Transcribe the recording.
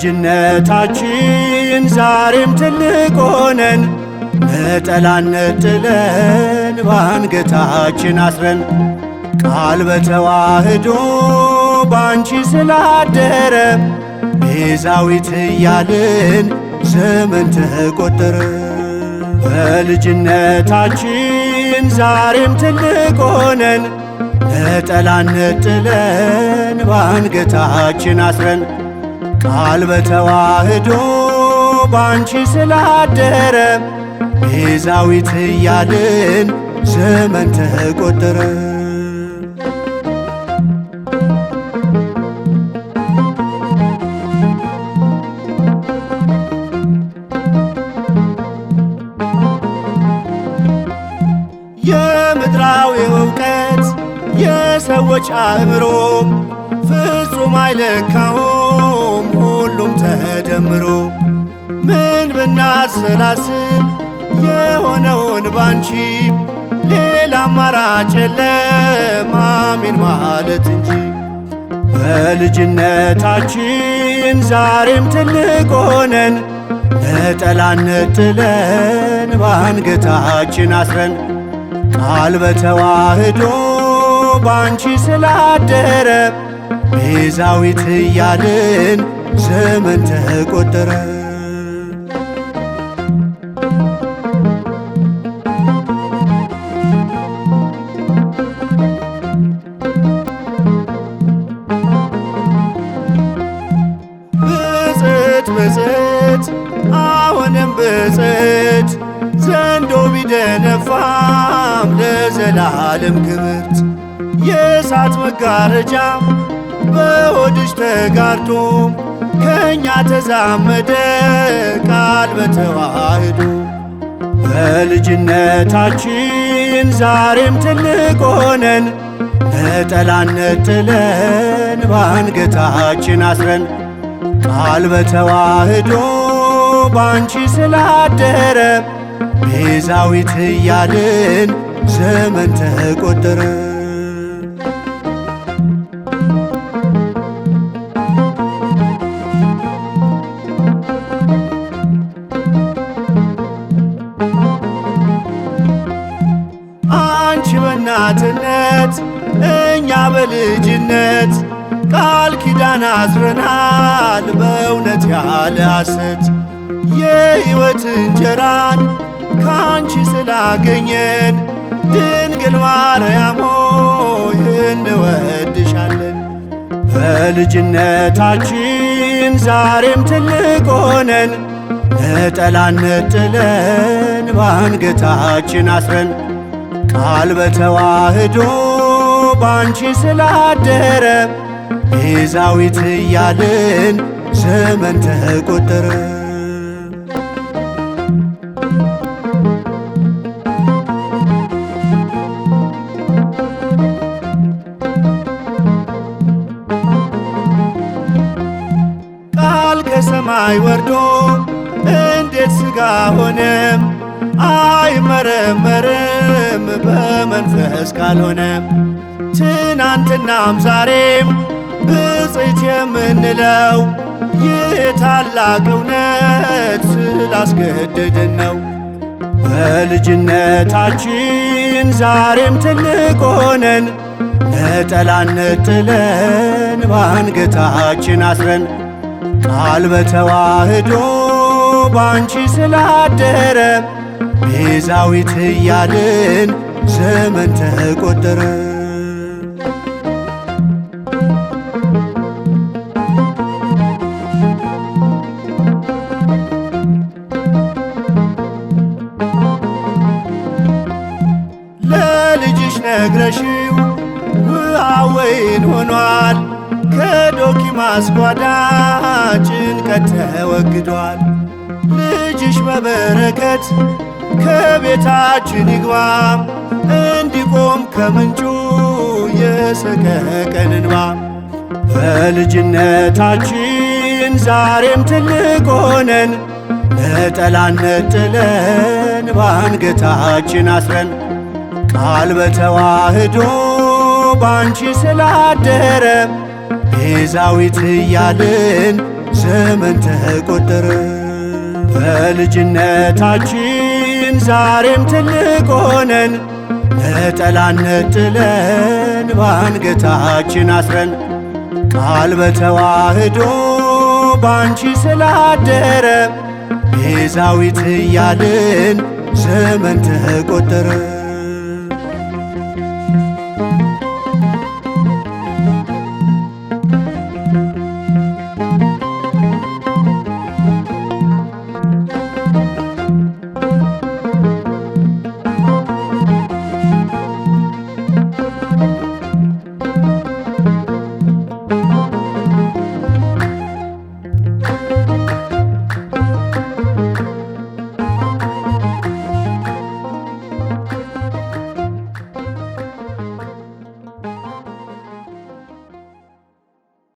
ልጅነታችን ዛሬም ትልቅ ሆነን ነጠላነት ጥለን ባንገታችን አስረን ቃል በተዋህዶ ባንቺ ስላደረ ቤዛዊት እያልን ዘመን ተቆጠረ። በልጅነታችን ዛሬም ትልቅ ሆነን ነጠላነት ጥለን ባንገታችን አስረን ቃል በተዋህዶ ባንቺ ስላደረ ቤዛዊት እያልን ዘመን ተቆጠረ። የምድራዊ እውቀት የሰዎች አእምሮ ፍጹም አይለካው ተደምሮ ምን ብናሰላስል የሆነውን ባንቺ ሌላ አማራጭ የለም አሜን ማለት እንጂ በልጅነታችን ዛሬም ትልቅ ሆነን ነጠላ ነጥለን ባንገታችን አስረን ቃል በተዋህዶ ባንቺ ስላደረ ቤዛዊት እያልን ዘመን ተቆጠረ። ብጽት ብፅዕት አሁንም ብጽት ዘንዶ ቢደነፋም ለዘላለም ክብርት የእሳት መጋረጃ በሆድሽ ተጋርቶ ከእኛ ተዛመደ ቃል በተዋህዶ በልጅነታችን ዛሬም ትልቅ ሆነን ነጠላነት ጥለን ባንገታችን አስረን ቃል በተዋህዶ ባንቺ ስላደረ ቤዛዊት እያልን ዘመን ተቆጠረ። ቃል አስረናል በእውነት ያለ ሐሰት የሕይወት እንጀራን ካንቺ ስላገኘን ድንግል ማርያም ሆይ እንወድሻለን። በልጅነታችን ዛሬም ትልቅ ሆነን ነጠላን ነጥለን ባንገታችን አስረን ቃል በተዋህዶ ባንቺ ስላደረ ቤዛዊት እያልን ዘመን ተቆጠረ። ቃል ከሰማይ ወርዶ እንዴት ሥጋ ሆነም አይመረመርም በመንፈስ ካልሆነም ትናንትናም ዛሬም ብፅዕት የምንለው ይህ ታላቅ እውነት ስላስገደደን ነው። በልጅነታችን ዛሬም ትልቅ ሆነን ነጠላነት ጥለን ባንገታችን አስረን ቃል በተዋህዶ ባንቺ ስላደረ ቤዛዊት እያልን ዘመን ተቆጠረ። ለልጅሽ ነግረሽው ውሃ ወይን ሆኗል። ከዶኪ ጓዳ ጭንቀት ተወግዷል። ልጅሽ በበረከት ከቤታችን ይግባ እንዲቆም ከምንጩ የሰቀቀን እንባ በልጅነታችን ዛሬም ትልቅ ሆነን ነጠላ ነጥለን ባንገታችን አስረን ቃል በተዋህዶ ባንቺ ስላደረ ቤዛዊት እያልን ዘመን ተቆጠረ። በልጅነታችን ዛሬም ትልቅ ሆነን ነጠላ ነጥለን ባንገታችን አስረን ቃል በተዋህዶ ባንቺ ስላደረ ቤዛዊት እያልን ዘመን ተቆጠረ።